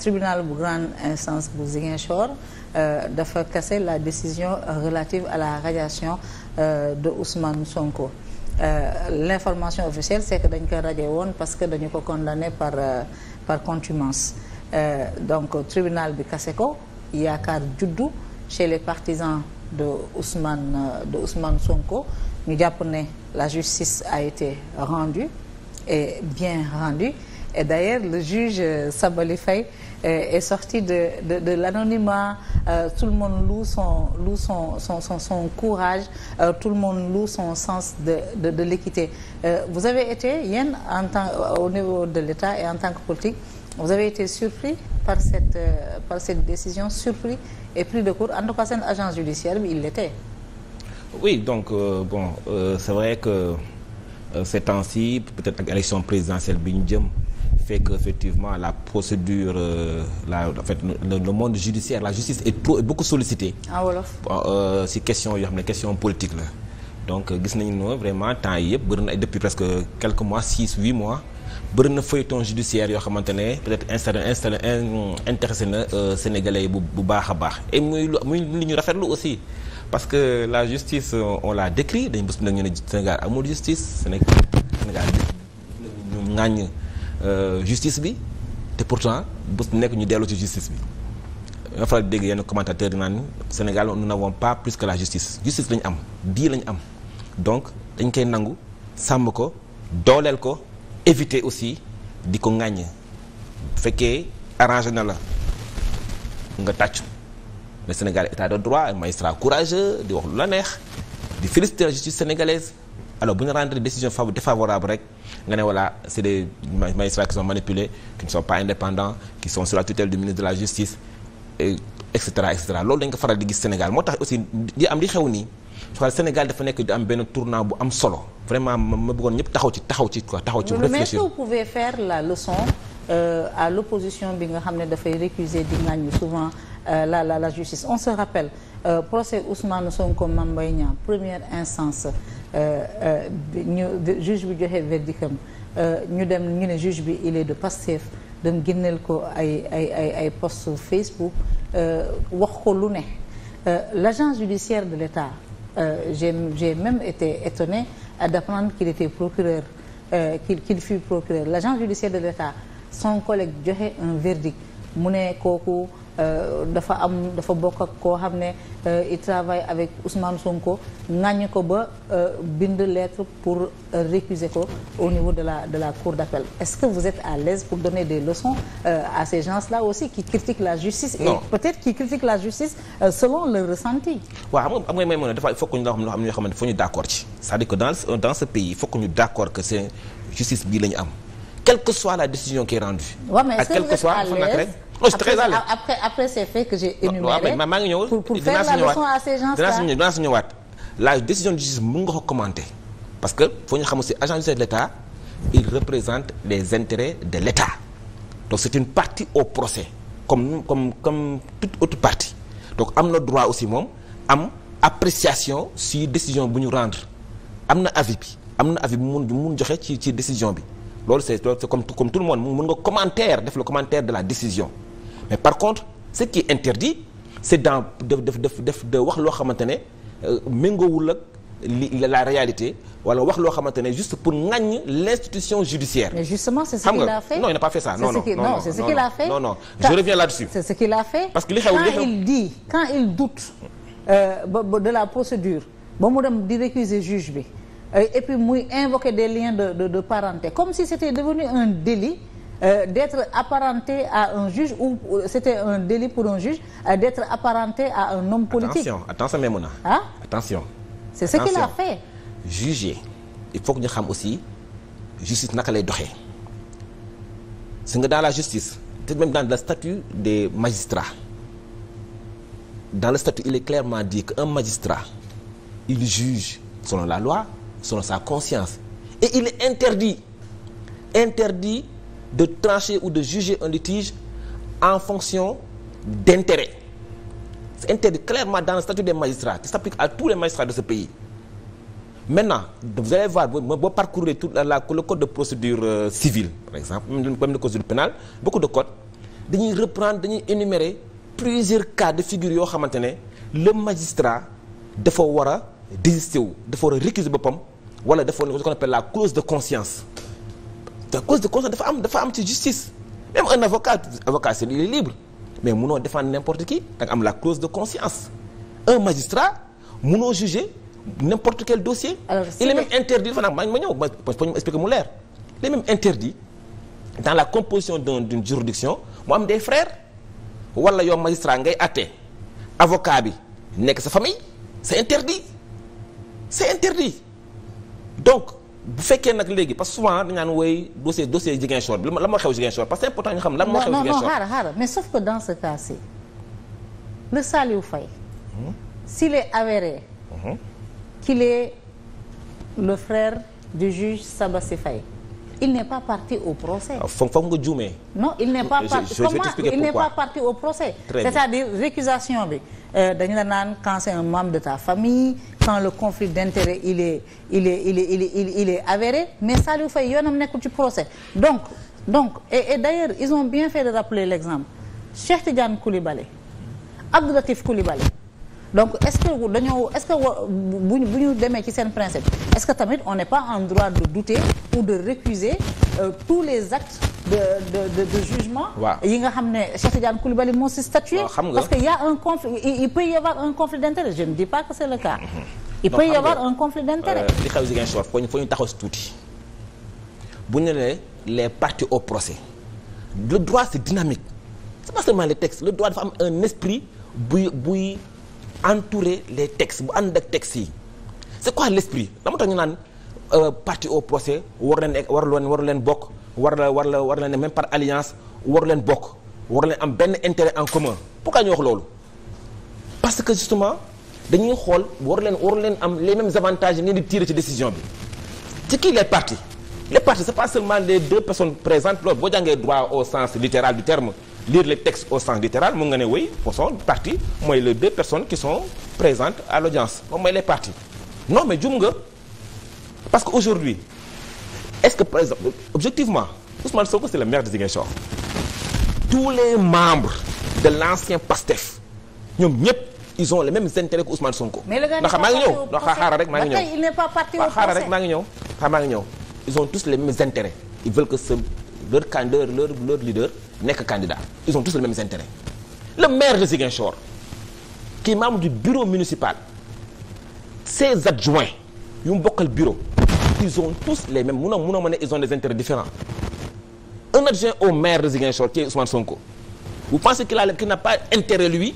tribunal bu grande instance bu Ziguinchor euh, dafa casser la décision relative à la radiation euh, de Ousmane Sonko euh, l'information officielle c'est que dañ ko radié woon parce que dañu ko condamné par par contumace donc tribunal bi casser ko yaakaar juddu chez les partisans de Ousmane de Ousmane Sonko ñu jàpp ne la justice a été rendue et bien rendue et d'ailleurs le juge Sabali Faye est sorti de de, de l'anonymat euh, tout le monde loue son loue son son son, son courage euh, tout le monde loue son sens de de, de l'équité euh, vous avez été yéen en tant au niveau de l'État et en tant que politique vous avez été surpris par cette euh, par cette décision surpris et pris de court en tout cas seen agence judiciaire bi il l'était oui donc euh, bon euh, c'est vrai que ces temps-ci peut-être ak élection présidentielle bi ñu jëm fait qu'effectivement la procédure euh, la en fait le, le monde judiciaire la justice est, trop, est beaucoup sollicitée. Ah, euh, si question yoo xam ne question politique la. donc euh, gis nañu ne vraiment temps yi yëpp bëri na depuis presque quelques mois six huit mois bëri na feuilleton judiciaire yoo xamante ne peut-être installé installé intéressé na sénégalais yi bu baax a baax et muy lu muy li ñu rafetlu aussi. parce que la justice on l'a décrit dañu bés bu nag ñu ne Sénégal amul justice Sénégal Sénégal ñu ŋàññ Euh, justice bi te pourtant bés nekk ñu dellu ci justice bi. nga faral di dégg yenn commentateur yi naan Sénégal nous n'avons pas plus que la justice justice lañu am dii lañu am donc dañ koy nangu sàmm ko dooleel ko éviter aussi di ko ŋàññ fekkee arrangé na la nga tàccu mais Sénégal état de droit magistrat courageux di wax lu la neex di féliciter la justice sénégalaise alors bu ñu rendre décision défavorable rek nga ne voilà c' est des magistrats qui sont manipulés qui pas indépendants qui sont sous tutelle du ministre de la justice et cetera loolu dañ ko faral di gis Sénégal moo tax aussi di am li xew nii. parce que Sénégal dafa nekk di am benn tournant bu am solo vraiment ma bëggoon ñëpp taxaw ci taxaw ci quoi taxaw ci. réfléchir mais vous pouvez faire la leçon euh, à l'opposition bi nga xam ne dafay récuser di ŋàññi souvent. Euh, la la la justice on se rappelle euh, procès Ousmane Sonko Mame Mbaye Niang première instance euh, ñu juge bi joxe verdict am ñu dem ñu ne juge bi il est de Pastef dem génneel ko ay ay ay ay post sur Facebook wax ko lu ne l'agence judiciaire de l'État j'ai j'ai même été étonné d'apprendre qu'il était procureur qu'il qu'il fut procureur l'agence judiciaire de l'État son collègue joxe un verdict mu ne kooku Euh, dafa am dafa bokk ak koo xam ne euh, il travaille avec Ousmane Sonko ŋàññ ko ba euh, bind lettre pour récuser ko au niveau de la de la cour d'appel est-ce que vous êtes à l'aise pour donner des leçons à ces gens-là aussi qui critiquent la justice et peut-être qui critiquent la justice selon leur ressenti waaw xam nga may mën a dafa fokk ñu loo xam loo xam ñoo foo ñu d'accord ci c'est-à-dire que dans dans ce pays fokk ñu d'accord que c'est justice bii la ñu am quelle que la décision qui est rendue. waaw mais est-ce que je que j'ai maa ngi ñëw pour pour faire la leçon à ces gens la décision de justice mun nga ko commenter parce que foo ñu xam aussi agent judiciaire de l'État il représente les intérêts de l'État donc c'est une partie au procès comme comme comme toute autre partie donc am na droit aussi moom am appréciation si décision bu ñu rendre am na avis bi am na avis bi mun mun joxe ci ci décision bi loolu c'est loolu c'est comme comme tout le monde mun nga commentaire def le commentaire de la décision mais par contre ce qui est interdit c' dans def def def def de wax loo xamante ne euh, méngoowul ak li la réalité wala wax loo xamante ne juste pour ŋaññ l' institution judiciaire. mais justement c' est ce qu'il a fait xam nga non il n'a pas fait ça. non non ce qu'il a fait parce que li xew li xew quand il doute euh, de la procédure ba mu dem di récuser juge bi euh, et puis muy invoquer des liens de de de comme si c'était devenu un délit. euh, d'être apparenté à un juge ou c'était un délit pour un juge euh, d'être apparenté à un homme politique. Attention, attention Maimouna. Ah? Attention. C'est ce qu'il a fait. Juger. Il faut que ñu xam aussi justice naka lay doxe su nga dans la justice, peut-être même dans des magistrats. Dans le statut, il est clairement dit qu'un magistrat, il juge selon la loi, selon sa conscience et il est interdit interdit de trancher ou de juger un litige en fonction d'intérêts. C'est interdit clairement dans le statut des magistrats qui s'applique à tous les magistrats de ce pays. Maintenant, vous allez voir, vous parcourez tout la, la, le code de procédure euh, civile, par exemple, même le code pénal, beaucoup de codes, dañuy reprendre dañuy énumérer plusieurs cas de figure yoo xamante ne le magistrat dafa war a désister wu dafa war récuser boppam wala dafa war ce qu'on appelle la clause de conscience la cause de dafa am dafa am ci justice même un avocat avocat c'est il est libre mais munoo défendre n'importe qui nga am la clause de conscience un magistrat munoo juger n'importe quel dossier Alors, il est même interdit ma ñëw ma ñu expliquer mu leer il est même interdit dans la composition d'un d'une juridiction moo am des frères wala yow magistra ngay àtte avocat bi nekk sa famille c'est interdit c'est interdit donc bu fekkee nag léegi parce que souvent dañu naan woy dossier dossier Ziguinchor bi lan moo xew Ziguinchor parce que c'est important ñu xam lan moo xew Ziguinchor non non xaaral xaaral mais sauf que dans ce cas-ci le Saliou Faye hmm? s'il est avéré hmm? qu'il est le frère du juge Sabassi Faye il n'est parti au procès. Ah, foog foog nga juumee. non il n'est pas parti comment il n'est pas parti au procès. cest à bi euh, dañu la naan quand c'est un membre de ta famille quand le conflit d'intérêt il est il est il est il est il est, il est avéré mais Saliou Faye yoonam nekkul ci procès donc d'ailleurs ils ont bien fait de rappeler l'exemple Cheikh Tidiane Koulibaly Abdou Latif donc est-ce que dañoo est ci seen principe est-ce que tamit on n'est pas en droit de douter ou de récuser euh, tous les actes de de de, jugement. yi nga xam ne Cheikh Tidiane Koulibaly moo si statué. parce que y a un conflit il, il peut y avoir un conflit d'intérêt je ne dis pas que c'est le cas. Mm-hmm. il non, peut euh, ñu taxaw si tuuti bu ñu nee les parties au procès le droit c'est dynamique c'est pas seulement les textes le droit dafa am un esprit buy buy entourer les textes bu ànd ak textes yi c'est quoi l'esprit la moo tax ñu naan. Euh, parti au procès war leen war leen war leen bokk war la war la war leen même par alliance war leen bokk war leen am benn intérêt en commun pourquoi ñu wax loolu parce que justement dañuy xool war leen war leen am les mêmes avantages yi ngeen di tirer ci décision bi ci kii les partis les partis c'est pas seulement les deux personnes présentes loolu boo jàngee droit au sens littéral du terme lire les textes au sens littéral mun nga ne oui façon parti mooy les deux personnes qui sont présentes à l'audience moom mooy les partis nga parce que aujourd'hui est-ce que par exemple objectivement Ousmane Sonko c'est le maire de Ziguinchor tous les membres de l'ancien PASTEF ñoom ñëpp ils ont les mêmes intérêts que Ousmane Sonko. mais ndax maa ngi ñëw ndax xaaral rek maa ngi ñëw il n'est pas parti au procès xaaral maa ngi ñëw. xaaral maa ngi ñëw ils ont tous les mêmes intérêts ils veulent que ce leur candidat leur leur leader nekk candidat ils ont tous les mêmes intérêts le maire de Ziguinchor qui est membre du bureau municipal ses adjoints yu mu bokkal bureau. ils ont tous les mêmes munoo munoo ma ne ils ont des intérêts différents un adjoint au maire de Ziguinchor qui est Ousmane Sonko vous pensez qu'il n'a pas intérêt lui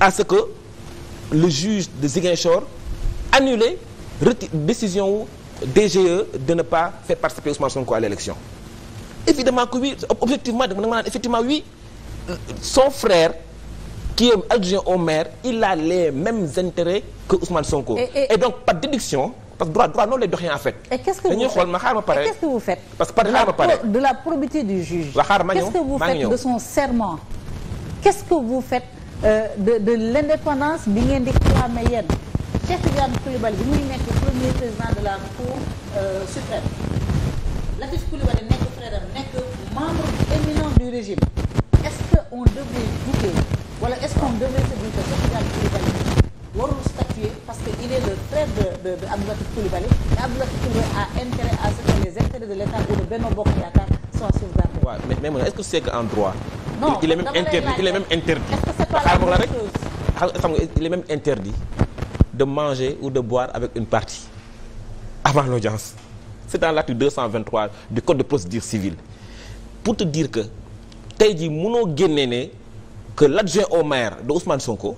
à ce que le juge de Ziguinchor annule reti décision wu DGE de ne pas faire participer Ousmane Sonko à l'élection évidemment que objectivement da nga naan effectivement a les mêmes que Ousmane Sonko et donc par déduction parce que droit droit noonu lay doxee en fait. et qu'est-ce que vous dañuy xool ma xaar ma pare. qu'est-ce que vous faites parce que pare xaar ma pare de la probité du juge. waaw xaar ma ñëw qu'est-ce que vous faites de son serment. qu'est-ce que vous faites euh, de de l'indépendance bi ngeen di clamer yéen Cheikh Tidiane Coulibaly bi muy nekk premier président de la cour euh, suprême Latif Coulibaly nekk frère nekk membre éminent du régime est-ce que on devait douter wala est-ce qu'on devait se douter Cheikh Tidiane Coulibaly. warul statuer parce que est le frère de de de Abdou Latif a intérêt à ce que les intérêts de l'État ou de Benno Bokk Yaakaar soient sauvegardés. waaw mais mais est-ce que c'est que en droit. il est même interdit il est même interdit. de manger ou de boire avec une partie avant l'audience c'est dans l'article 223 du code de procédure civile pour te dire que tey jii mënoo génne ne que l'adjoint au maire de Ousmane Sonko.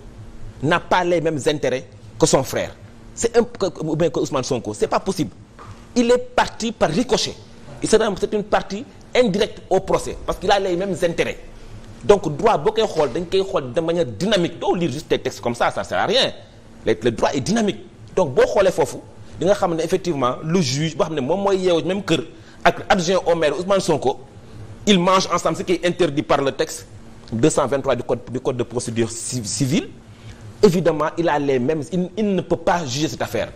n'a pas les mêmes intérêts que son frère c'est un ou bien que Ousmane Sonko c'est pas possible il est parti par ricochet c'est une partie indirecte au procès parce qu'il a les mêmes intérêts donc droit boo koy xool dañ koy xool de manière dynamique doo lire juste des comme ça ça sert à rien le droit est dynamique donc boo xoolee foofu di nga xam ne effectivement le juge boo xam ne moom mooy yeewu même kër ak adjoint au maire Ousmane Sonko ils mangent ensemble ce par le texte 223 du code du évidemment il a les mêmes il, ne peut pas juger cette affaire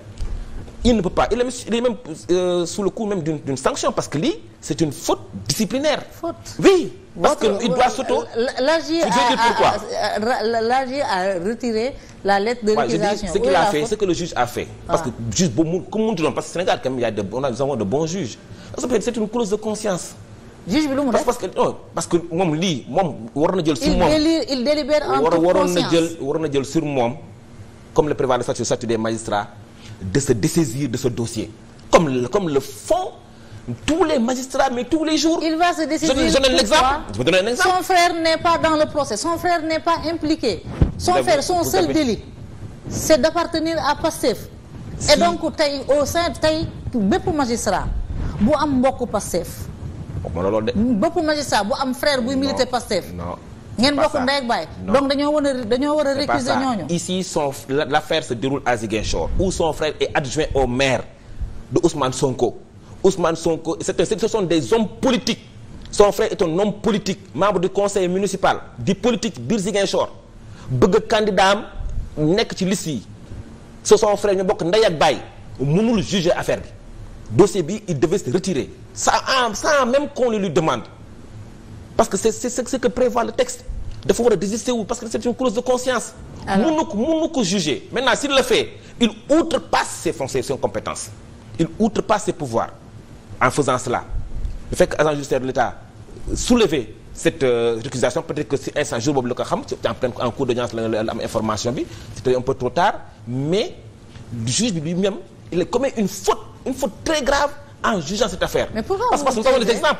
il ne peut pas il est, il est euh, le coup même d'une sanction parce que c'est une faute disciplinaire. faute oui. il doit s'auto. Euh, l'AG a retiré la lettre de récusation. ce qu'il a fait ce que le juge a fait. Ah. parce que juge boobu mu ku mu munti doon parce que Sénégal quand même y a de on a c'est une clause de conscience. juge bi lu parce que non parce que moom lii moom war na jël. sur moom il délibère en waroon na jël waroon na jël sur moom comme le prévoit le statut statut des magistrats de se dessaisir de ce dossier comme comme le font tous les magistrats mais tous les jours. il va se décider je donne l'exemple je vous son frère n'est pas dans le procès son frère n'est pas impliqué. son frère son seul délit. c'est d'appartenir à Pastef. et donc tey au sein tey bépp magistrat bu am mbokku Pastef. waxuma la loolu de. bépp magistrat bu am frère buy militer Pastef. non ngeen bokk ndey ak baay. donc dañoo war a dañoo war a récuser ñooñu. ici son l'affaire se déroule à Ziguinchor où son frère est adjoint au maire de Ousmane Sonko Ousmane Sonko c'est ce sont des hommes politiques son frère est un homme membre du conseil municipal di politique biir Ziguinchor bëgg candidat am nekk ci liste yi ce frère ñu bokk ndey ak baay mënul juger affaire bi. dossier bi il devait se retirer sans sans même qu'on le lui demande parce que c'est c'est ce que prévoit le texte dafa war a désister wu parce que c'est une clause de conscience mun na ko mun na ko juger maintenant s'il la fait il outrepasse ses fonctions ses compétences il outrepasse ses pouvoirs en faisant cela le fait que agent judiciaire de l'État soulever cette euh, récusation peut-être que si instant jour boobu la ko xam ci en cours d'audience la la am information bi c'était un le juge bi une faute très en jugeant cette pourquoi vous parce pourquoi vous vous a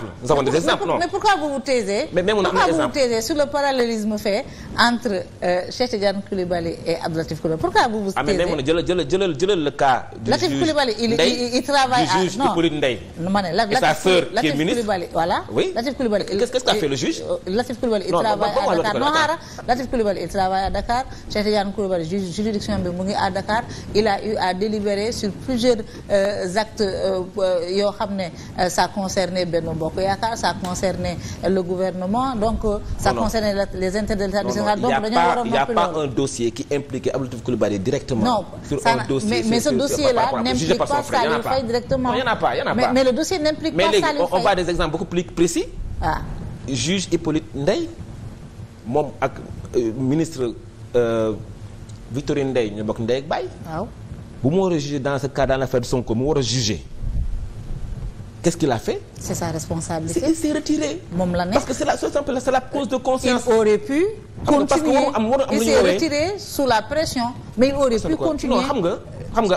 pourquoi vous vous sur le parallélisme fait entre euh, Cheikh Tidiane Koulibaly et Abdou Latif Coulibaly pourquoi vous vous taisez. ah mais même le cas. du juge il il il non du juge Hippolyte Ndeye. ma ne la Latif Coulibaly voilà. oui Latif Coulibaly. qu'est-ce qu'est-ce qu'a fait il travaille à Dakar non xaaral Latif Coulibaly il travaille juridiction bi mu à Dakar il a eu à délibérer sur plusieurs euh, actes euh, yoo xam ne sa euh, concernait Benno Bokk Yaakaar ça concernait le gouvernement donc euh, ça non, concernait non. les de l'État du a noppi loolu il y a pas un dossier qui implique non sur ça, un dossier mais, mais ce dossier là n'implique pas Salif Faye directement non, y en le dossier n'implique pas Salif Faye mais léegi on va des exemples beaucoup plus précis ah juge Hippolyte Ndeye moom ak euh, ministre Victorine Ndeye ñu bokk Ndeye ak Baye waaw bu mu war a juger dans ce cas qu'est-ce qu'il a fait. c'est sa responsabilité il s'est retiré. moom la nekk parce que c'est la c'est la la pression. mais il aurait pu continuer xam nga. xam nga.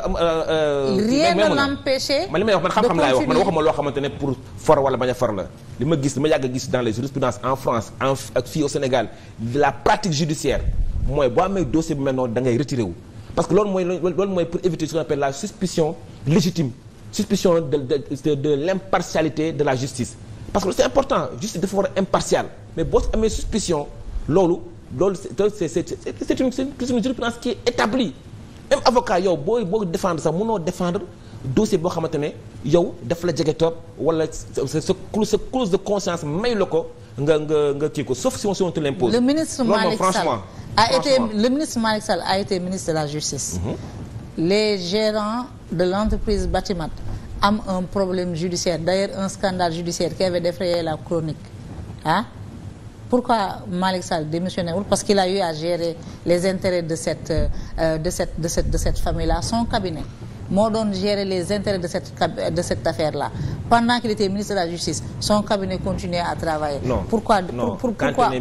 rien ne l'empêchait man li may wax man xam-xam laay wax man waxuma loo xamante ne pour far wala bañ a far la. li ma gis li ma yàgg a gis dans les jurisprudences en France en ak fii au Sénégal de la pratique judiciaire mooy boo amee dossier bu mel noonu da ngay parce que loolu mooy loolu mooy pour éviter suspicion de de de, de l'impartialité de la justice parce que c'est important justice dafa war a impartial mais boo si amee suspicion loolu loolu c'est c'est une jurisprudence qui est établie avocat yow booy boo défendre sax mënoo défendre dossier boo xamante ne yow daf la jege trop wala sa sa clause de conscience may la ko nga nga nga kii ko sauf si on te l'impose. le ministre Malick Sall a été le ministre Malick Sall a été ministre de la justice. Mm-hmm. les gérants de l'entreprise Batimat am un problème judiciaire d'ailleurs un scandale judiciaire qui avait défrayé la chronique pourquoi Malick Sall démissionné wul parce qu'il a eu à gérer les intérêts de cette euh, euh de cette de cette de cette famille là son cabinet moo doon gérer les intérêts de cette de cette affaire là pendant qu'il était ministre de la justice son cabinet continuait à travailler. pourquoi non pour, d'accord quand on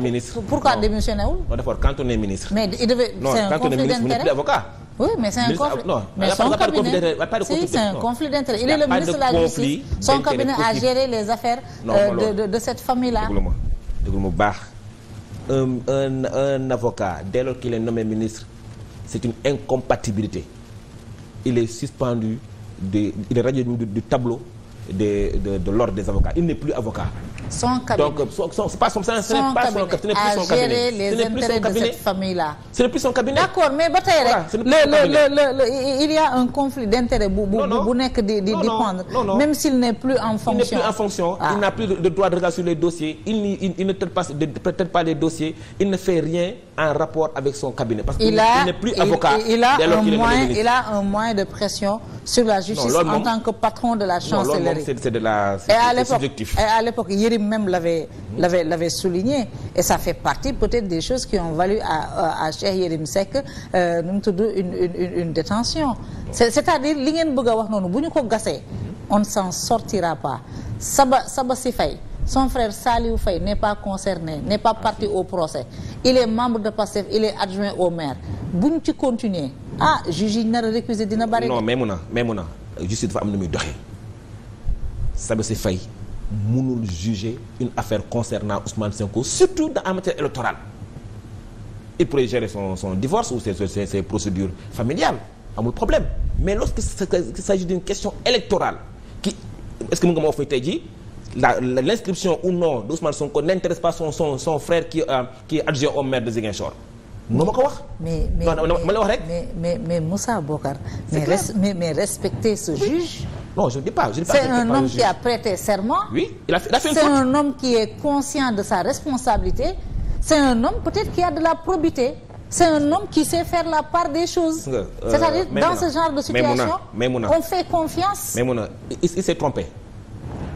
est ministre. mais il devait. c'est un conflit d'intérêt oui mais c'est un conflit non mais son cabinet si c'est un conflit d'intérêt il est le ministre la justice son cabinet a géré les affaires euh, de de cette famille là déglu ma déglu ma baax un un un avocat dès lors qu'il est nommé ministre c'est une incompatibilité il est suspendu de il du tableau des de de d'accord mais ba tey il y a un conflit d'intérêt bu nekk di dépendre. même s'il n'est plus en fonction. Ah. il n'a plus de droit de regard sur les dossiers il ne traite pas les dossiers il ne fait rien en rapport avec son cabinet. parce que il n'est plus avocat. il a un moyen il a un moyen de pression sur la justice en tant que patron de la chancellerie. Paris. C'est de la c'est subjectif. Et à l'époque, Yérim même l'avait l'avait souligné et ça fait partie peut-être des choses qui ont valu à à Cheikh Yérim Seck euh, nu mu tudd une une détention. C'est-à-dire li ngeen bëgg a wax noonu bu ñu ko gasee on ne s'en sortira pas Saba Saba si fay son frère Saliou Faye n'est pas concerné n'est pas parti au procès il est membre de PASTEF il est adjoint au maire bu ñu ci continuer ah juge yi récuser dina bari. non mais mun na mais mun na justice am nu muy doxee. Sabassy Faye mënul juger une affaire concernant Ousmane Sonko surtout dans en matière électorale il pourrait gérer son son divorce ou ses ses, ses procédures familiales amul problème mais lorsque il s'agit d'une question électorale qui est-ce que mën nga ma wax fay tey la l'inscription ou non d'Ousmane Sonko n'intéresse pas son son son frère qui euh, qui maire de Ziguinchor noo ma ko wax. mais mais non ma mais mais respecter ce juge. non je ne dis je ne dis c'est un homme qui a prêté serment. oui il a fait, il c'est un homme qui est conscient de sa responsabilité. c'est un non peut-être qui a de la probité. c'est un homme qui sait faire la part des choses. Euh, euh c'est-à-dire euh, dans ce genre de situation. Maïmouna, on fait confiance. Maïmouna, il, il s'est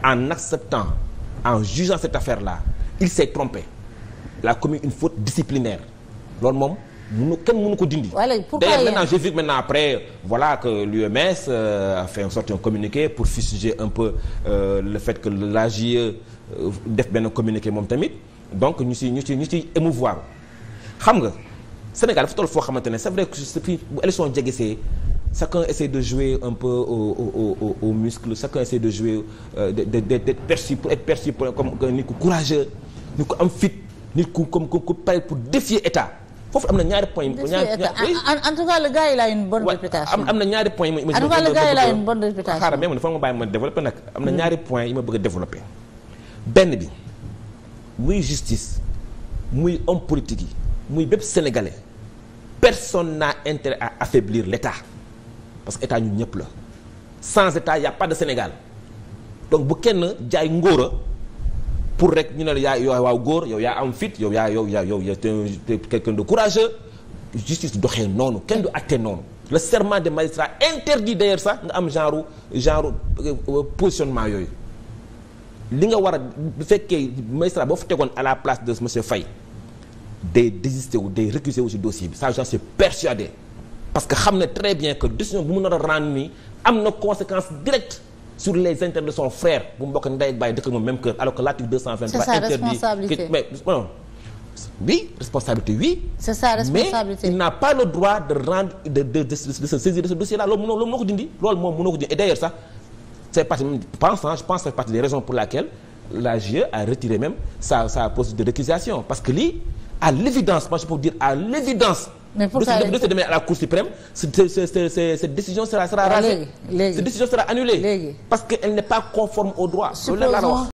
en acceptant en jugeant cette affaire-là il s'est trompé il a commis une faute disciplinaire loolu moom. mënu kenn mënu ko dindi. voilà pourquoi d'ailleurs maintenant j'ai vu maintenant après voilà que l'UMS euh, a en communiqué pour fustiger un peu euh, le fait que l'AJE euh, def benn communiqué moom tamit donc ñu si ñu ci ñu si émouvoir xam nga Sénégal dafa toll foo xamante ne c'est vrai que depuis bu élection jegesee chacun essaie de jouer un peu au au au au muscle chacun essaie de jouer euh, de de de d'être pour être perçu pour comme nit ku courageux nit ku am fit nit ku comme ku pare pour défier état. foofu am na ñaari point en tout a une am na ñaari point yi ma en tout cas le gars il a am na hmm. ñaari point yi ma bëgg a développé benn bi muy justice muy homme politique yi muy bépp sénégalais personne n'a intere à affaiblir l'état parce que état ñun ñëpp la sans état y pas de Sénégal donc bu kenn jaay ngóora pour rek ñu ne la yaa yow waaw góor yow yaa am fit yow yaa yow yaa yow yaa te quelqu'un de courageux justice doxee noonu kenn du acté noonu le serment des magistrats interdit d'ailleurs sax nga am genre genre euh, euh, positionnement yooyu li nga war a bu fekkee magistrat boo fa tegoon à la place de monsieur Faye day désister wu day récuser wu ci dossier bi ça j'en suis persuadé parce que xam na très bien que décision bu mu nar a rendre nii am na conséquence directe sur les intérêts de son frère bu mu bokk ndey ak bàyyi dëkk moom même kër alors que l'article 223 interdit mais non oui responsabilité oui. c'est sa responsabilité mais il n'a pas le droit de rendre de de de saisir de ce dossier là loolu mënoo loolu mënoo ko dindi loolu moom mënoo ko dindi et d'ailleurs sax c'est parti pense je pense c'est partie des raisons pour laquelle l'AGE a retiré même sa sa procédure de récusation parce que li à l'évidence moi je peux mais pourquoi dossier demee à la cour suprême cette décision sera sera ah, rasée. léegi décision sera annulée. parce que elle n'est pas conforme au droit. loolu la la wax.